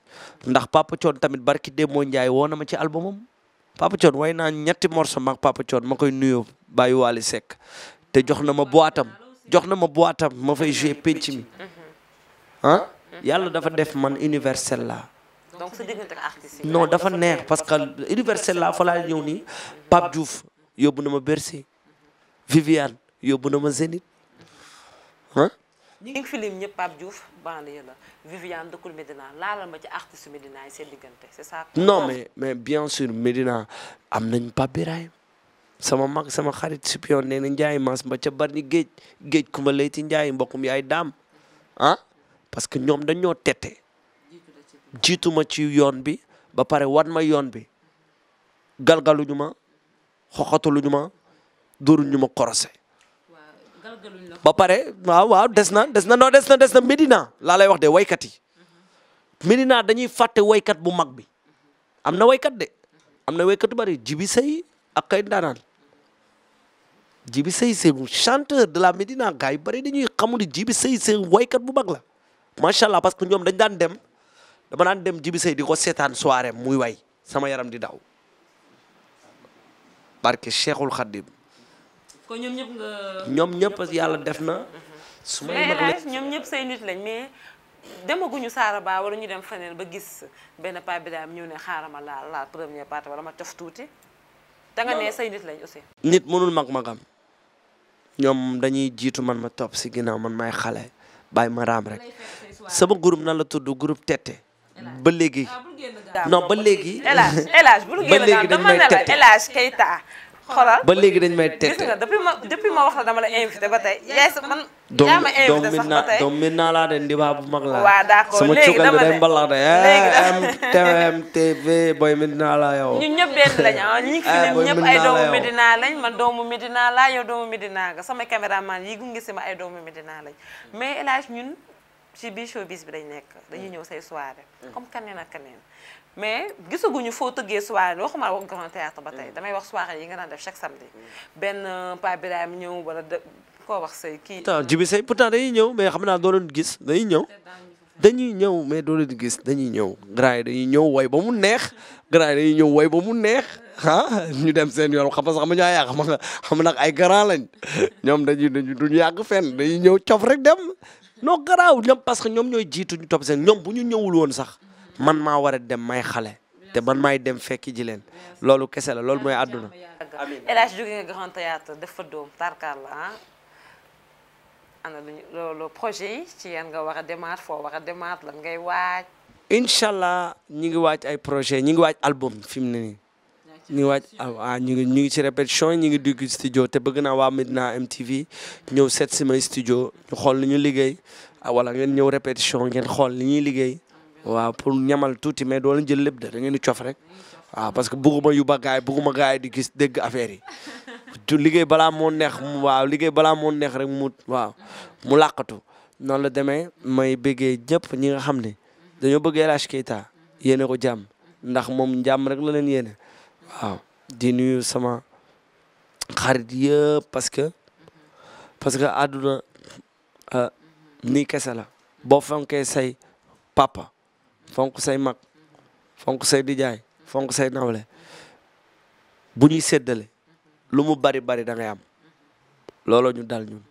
ndax Papa Thione tamit barki Demba Ndiaye woo na ma ci albumam Papa Thione way naa ñetti morceau mag Papa Thione ma koy nuyoo bàyyi Waly Seck te jox na ma boitam jox na ma boitam ma fay joué penc mi mhm. ah yàlla dafa def man universel la donc sa diggante ak artiste non dafa neex parce que universel la fa laa ñëw nii Pape Diouf yóbbu na ma Bercy Viviane yóbbu na ma Zénith ah. ñi ngi filim ñëpp Pape Diouf banlieue la Viviane dëkkul Medina laalal ma ci artiste Medina yi seen diggante ça. non mais mais bien sûr Medina am nañ Pape Birahim sama mag sama xarit supion nee na Ndiaye Mass ba ca Bargny géej géej ku ma layti Ndiaye mbokkum yaay daam ah parce que ñoom dañoo tette. jiitu ma ci yoon bi ba pare wan ma yoon bi galgaluñu ma xoxataluñu ma duruñu ma korose ba pare waaw waaw des na des na non des na des na Médina laa wax de waykat yi Médina dañuy fàtte waykat bu mag bi am na waykat de am na waykat bu bari jibi sëy ak kay ndaanaan jibi sëy c'est chanteur de la Médina gars yi bari dañuy di jibi sëy c'est waykat bu mag la macha allah parce que ñoom dañ daan dem dama daan dem Jibi Sey di ko seetaan soirée muy way sama yaram di daw barke Cheikhul Khadim. ñoom ñëpp yàlla def na. su may ñëpp say nit lañ mais demaguñu Saaraba wala ñu dem feneen ba gis benn paa bi daal ñëw ne xaaral ma la la wala ma tef tuuti. da nga nit lañ aussi. nit mënul mag magam ñoom dañuy jiitu man ma topp si ginnaaw man maay xale bàyyi ma raam rek sama groupe nan la tudd group Tete. ba léegi. non ba léegi. El Hadj El Hadj bul génn gaaw dama ne la El Hadj Keita. ba léegi dañ may tette gis nga depuis ma depuis wax la dama la invité ba tey yaay sa man. yaa ma invité sax laa de ndibaa bu mag laa. waaw d'accord léegi dama de eh, sama cukal bi day mbalaa de. laa yow. ñun ñëpp benn lañu ah ñi fi eh, ne ñëpp ay doomu Medina lañ man doomu Medina laa yow doomu Medina nga sama caméraman yi gunge si ma ay doomu Medina lañ mais El ñun. ci biir showbiz bi dañ nekk dañuy mm. ñëw say soirée mm. comme kaneen ak kaneen mais gisaguñu foo tëggee soirée waxuma wax grand théâtre ba tey mm. damay wax soirée yi nga daan def chaque samedi benn euh, Pa Birame ñëw wala koo wax say kii pourtant jibi say pourtant dañuy ñëw mais xam naa doo leen gis dañuy ñëw dañuy ñëw mais doo leen gis dañuy ñëw grand dañuy ñëw way ba mu neex grand yi ñëw way ba mu neex ah ñu dem seen yoon xam nga sax ma ñu yàq xam nga ay grand lañ ñoom dañuy yàgg fenn dañuy ñëw cof rek dem non garaaw ñoom parce que ñoom ñooy jiitu ñu topp seen ñoom bu ñu ñëwul woon sax man maa war a dem may xale te man maay dem fekki ji leen loolu kese la loolu mooy àdduna. amiin El Hadj nga Grand Théâtre def fa doom tarkaar la ah. ana luñu projet yi nga war a foo war a demaat lan ngay waaj. incha allah ñi ngi waaj ay projet ñi ngi waaj album fi mu ne nii. ñu ngi waaj ah, ah ñu ngi ñu ngi ci répétition ñu ngi dugg studio te bëgg naa waa Medina MTV ñëw seet si may studio ñu xool li ñu liggéey ah, wala ngeen ñëw répétition ngeen xool li ñuy liggéey waaw pour ñamal tuuti mais doo leen jël lépp de da ngeen di cof rek waaw ah, parce que bugguma yu ba gaay bugguma gaay di gis dégg affaire yi du liggéey balaa moo neex waa liggéey balaa moo neex rek mu waaw mu làqatu noonu la demee may bëggee ñëpp ñi nga xam ne dañoo bëgg El Hadj Keita ko jàmm ndax moom jàmm rek la leen yéene aw di nuyu sama xarit yëpp parce que parce que àdduna ah, nii kese la boo fonkee say papa fonk say mag fonk say dijaay fonk say nawle bu ñuy séddale lu mu bari bari da ngay am looloo ñu dal ñun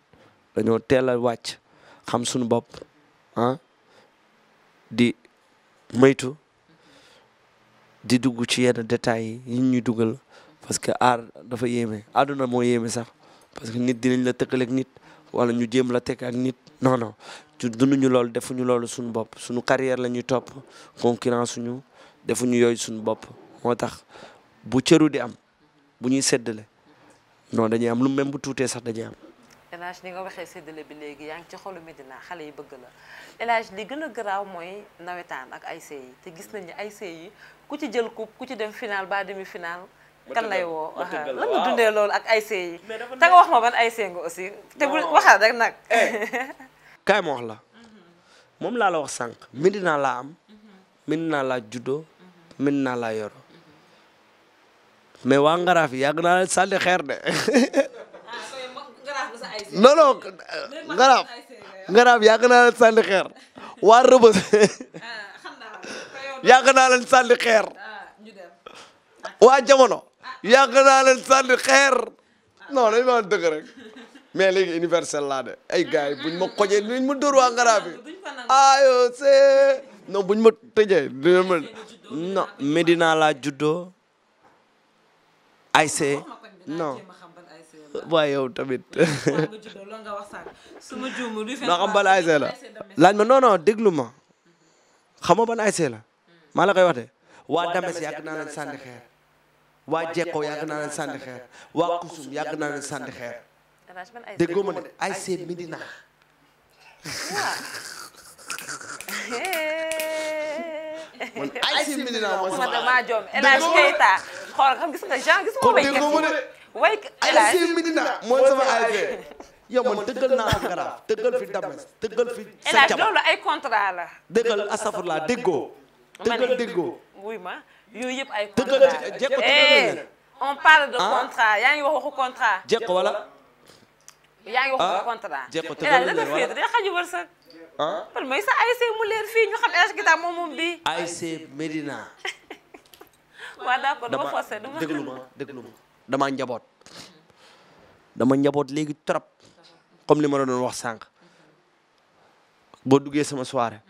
dañoo teel a wàcc xam suñu bopp ah di moytu di dugg ci yenn détails yi ñu ñu dugal parce que aar dafa yéeme àdduna moo yéeme sax parce que nit dinañ la tëkkaleeg nit wala ñu jéem la teg ak nit non non ñu dunduñu loolu defuñu loolu suñu bopp suñu carrière la ñuy topp concurrence suñu defuñu yooyu suñu bopp moo tax bu cëru di am bu ñuy seddale non dañuy am lu même bu tuutee sax dañuy am. El ni nga waxee séddale bi léegi yaa ngi ci xolu Medina xale yi bëgg la El Hadj gën a garaaw mooy nawetaan ak ASC yi te gis nañ ne ASC yi ku ci jël coupe ku ci dem final ba demi final. kan lay woo lan nga dundee loolu ak ASC yi. te nga wax ma ban ASC nga aussi. te bu waxal rek nag. Eh, kaay ma la. moom laa la wax sànq. Médina laa am. Médina laa juddoo. Médina la yoro mais waa Ngaraaf yàgg naa leen sànni xeer de. Ah, non non Ngaraaf. Ngaraaf yàgg naa leen sànni xeer. waa Rëbës. Ah. yàgg naa leen sànni xeer waa jamono yàgg naa leen sal xeer non dañ ma dëgg rek mais léegi universel laa de ay gars buñ ma kojee nuñ ma dóor waa ngaraab bi see non buñ ma tëjee dina ma non Medina laa juddoo ay see non waaye yow tamit noo laaj ma non non déglu ma nga ban la maa la koy wax de waa Dames yàgg naa Jekko yàgg naa leen sànni xeer Kusum yàgg naa leen sànni xeer man ay see Medina mooy sama damaa joom El Hadj Keita xool xam gis nga Jean gis nga waykat yi waykat El ay see Medina mooy sama ay yow man dëggal naa ak Ngaraaf fi Dames dëggal fi. sa jamono El la. dëggal tëggal déggoo wuy ma yooyu yëpp ay contrat jekko eh, on parle de ah. contrat yaa ngi wax waxu contrat jekko wala yaa ngi wax waxu ah. contrat jekko tëggal eh, la ko féete day xaju wërsëg ah par may sa ASC mu leer moom moom bii ASC Médina waaw d'accord dama forcé njaboot dama njaboot léegi trop comme li ma la doon wax sànq boo duggee sama soirée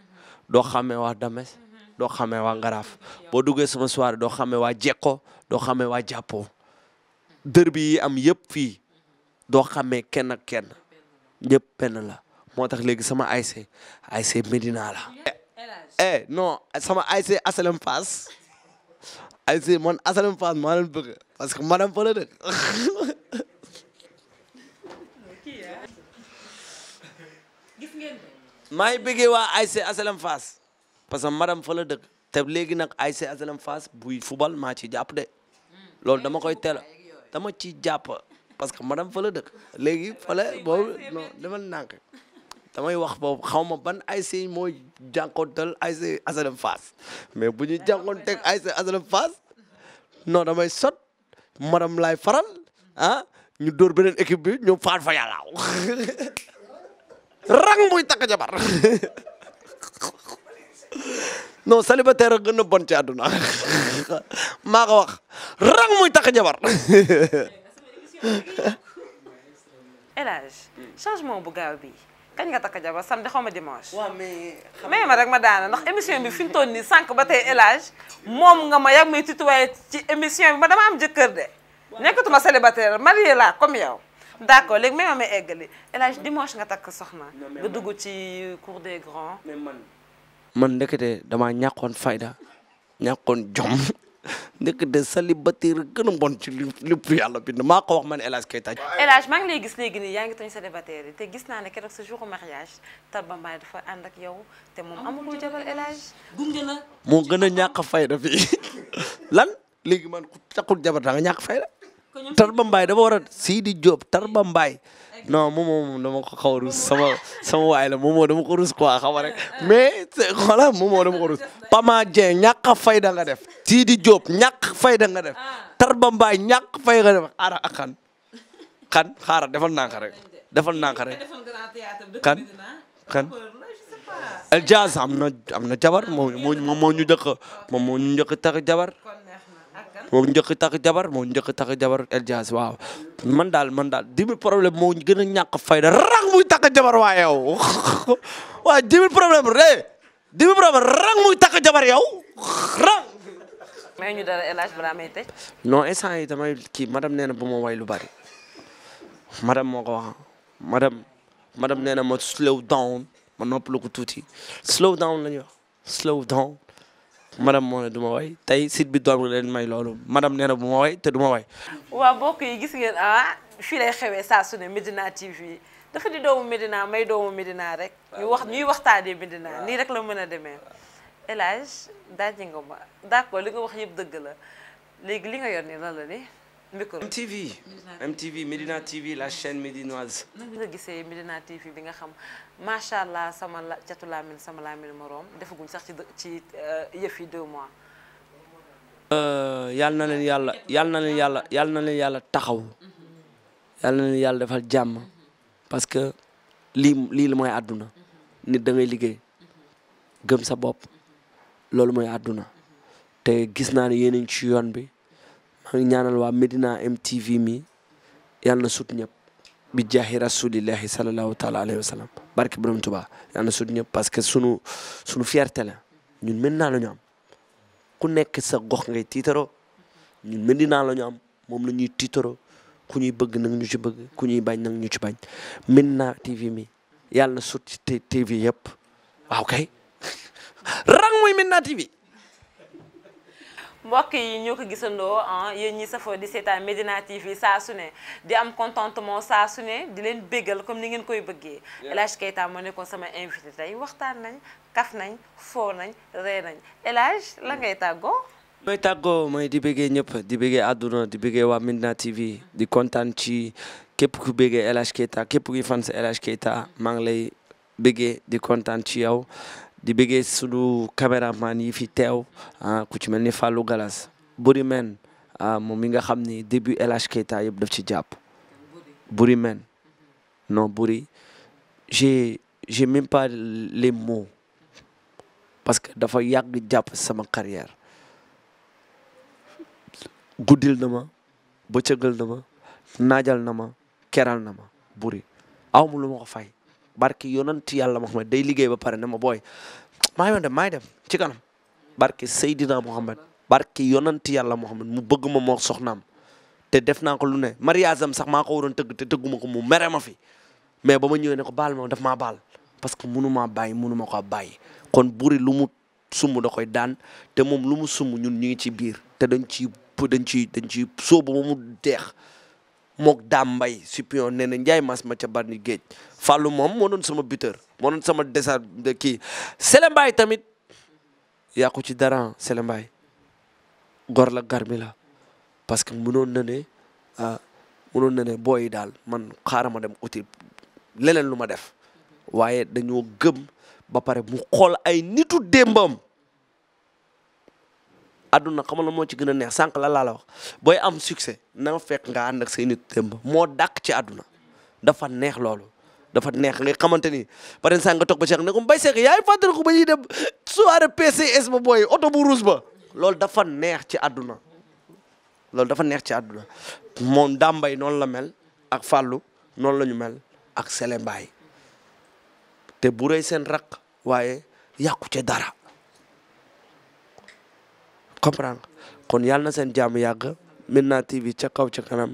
doo xàmmee waa Dames doo xamee waa ngaraaf boo duggee sama soirée doo xamee waa jekko doo xamee waa jàppoo derby yi am yëpp fii doo xamee kenn ak kenn yëpp benn la moo tax léegi sama ASC ASC Médina la eh, eh non sama ASC Asalem Fass ASC man Asalem Fass maa leen bëgg parce que madame fa la dëkk ah. maa bëggee waa ASC Asalem Fass parce que madame fa la dëkk te léegi nag ASC HLM Fass buy fubal maa ci jàpp de loolu dama koy teel dama ci jàpp parce que madame fa la dëkk léegi fa la boobu non demal nànk wax boobu xaw ma ban ASC mooy jànkoontel ASC HLM Fass mais bu ñu jànkoonteeg ASC HLM Fass non damay sot madame laay faral ah ñu dóor beneen équipe bi ñoom faar fa yàllaaw rang muy takk jabar non célibataire a gën a bon ci àdduna maa ko wax rang muy takk jabar El changement bu gaaw bi kañ nga takk jabar samedi xaw ma dimanche waaw mais mais ma rek ma daana ndax émission bi fi mu toll nii sànq ba tey El moom nga ma yàgg ti tutuwaay ci émission bi ma dama am jëkkër de nekkatuma célibataire marié laa comme yow d' accord léegi may ma may eggali lage Hadj dimanche nga takk soxna nga dugg ci cour des grands man ndekete damaa ñàkkoon fayda ñàkkoon jom ndekete célibataire gën a bon ci lépp yàlla bind maa ko wax man El Hadj Keita. El maa ngi lay gis léegi nii yaa ngi tooñ célibataire yi te gis naa ne keroog sa jour mariage ta Mbaye dafa ànd ak yow te moom amagul jabar El Hadj. gunge moo gën a ñàkk fayda fii lan léegi man ku takkul jabar da nga fayda. Tarba Mbaye dafa war a Sidi Diop Tarba Mbaye non moom moom dama ko xaw a rus sama sama waay la moom moo dama ko a quoi xam rek mais xoolal moom moo dama ko rus Pama Dieng ñàkk fay da nga def Sidi Diop ñàkk fay da nga def ah. Tarba Mbaye ñàkk fay nga def xaaral ak xan xan xaaral defal nànk rek defal nànk rek kan am na am na jabar moo moo moo ñu njëkk ah, moom takk jabar moo njëkk takk jabar moo njëkk takk jabar El Diaz waaw man daal man daal dix mille problème moo gën a ñàkk fayda rang muy takk jabar waa yow waa dix mille problème ré eh, dix mille problème rang muy takk jabar yow rang may ñu dara El Hadj balaa may tëj non instant yi damay kii madame nee na bu ma way lu bari madame moo ko wax madame madame nee na ma slow down ma noppalu ko tuuti slow down la ñuy wax slow down madame moo ne du ma way tey site bi doon leen may loolu madame nee bu ma way te du ma way. waaw yi gis ngeen ah fii lay xewee saa su ne Medina TV dafa di doomu Medina may doomu Medina rek. ñu wax ñuy waxtaanee Medina nii rek la mën a demee. El Hadj daaj nga ma d'accord li nga wax yëpp dëgg la léegi li nga yoon nii lan la MTV MTV Médina TV la chaîne médinoise. nan nga gisee Médina TV bi nga xam macha allah sama la catu laamin sama laamin moroom defaguñ sax ci ci euh, yëf yi deux mois. Euh, yal na leen yàlla yal na yàlla yal na leen yàlla taxaw yal na leen jàmm parce que lii lii la mooy àdduna nit da ngay liggéey gëm sa bopp loolu mooy àdduna te gis naa ne yéen ci yoon bi. ñaanal waa Medina MTV mi yàlla na sut ñëpp bi jaahi rasulillahi sallallahu taala alayhi wa sallam barke borom tuba yàlla na sut ñëpp parce que sunu sunu fierté la ñun Medina la ñu am ku nekk sa gox ngay tiitaro ñun Medina la ñu am moom la ñuy tiitaro ku ñuy bëgg nag ñu ci bëgg ku ñuy bañ nag ñu ci bañ Medina TV mi yàlla na sut ci TV yëpp waaw kay rang muy Medina TV mbokk yi ñoo ko gisandoo ah yéen ñi safoo di seetaan Medina TV saa su di am contentement saa su di leen béggal comme ni ngeen koy bëggee El Hadj Keita moo nekkoon sama invité tey waxtaan nañ kaf nañ foo nañ ree nañ El Hadj la ngay tàggoo mooy tàggoo mooy di bëggee ñëpp di bëggee àdduna di bëggee waa Medina TV di kontaan ci képp ku bëggee El Hadj Keita képp ku fan sa El Hadj Keita maa ngi lay bëggee di kontaan ci yow di bëggee sunu caméraman yi fi teew ah ku ci mel ni Fallou Galas buri men ah moom mi nga xam ni début LH Keita yëpp daf ci jàpp buri men non buri j'ai j'ai même pas les mots parce dafa yàgg jàpp sama carrière guddil na ma bëccëgal na ma naajal na ma keral na ma buri aw ma lu ma fay barki ti yàlla Muhammad day liggéey ba pare ne ma booy ma dem maay dem ci kanam barki Seydina Muhammad barki ti yàlla Muhammad mu bëgg ma moo soxnaam te def naa ko lu ne mariage am sax maa ko waroon tëgg te tëgguma ko mu mere ma fi mais ba ma ñëwee ne ko baal ma def maa baal parce que munu maa bàyyi munu ma ko bàyyi kon buri lumu sumu sumb da koy daan te moom lu mu sumb ñun ñu ngi ci biir te dañ ci dañ ci dañ ci sóobu ba mu deex mook daam mbay Cyprien nee na Ndiaye mas ma ca barni géej fàllu moom moo doon sama buteur moo doon sama desar de kii Sele Mbaye tamit yàqu ci dara Sele Mbaye gor la garmi la parce que mënoon na ne ah, na ne booy daal man xaaral ma dem uti leneen lu ma def waaye dañoo gëm ba pare mu xool ay nitu démbam àdduna xamal na moo ci gën a neex sànq la laa la wax booy am succès na nga fekk nga ànd ak say nit moo dàq ci àdduna dafa neex loolu dafa neex nga xamante ni par exemple nga ba Cheikh ne ko Mbaye Cheikh yaay fàttali ko ba ñuy dem soirée PCS ba booy oto bu rouge ba loolu dafa neex ci àdduna loolu dafa neex ci àdduna moom dàmbay noonu la mel ak Fallou noonu la ñu mel ak Sele Mbaye te bu rëy seen raq waaye yàqu ca dara comprendre kon yàlla na seen jàmm yàgg Médina TV ca kaw ca kanam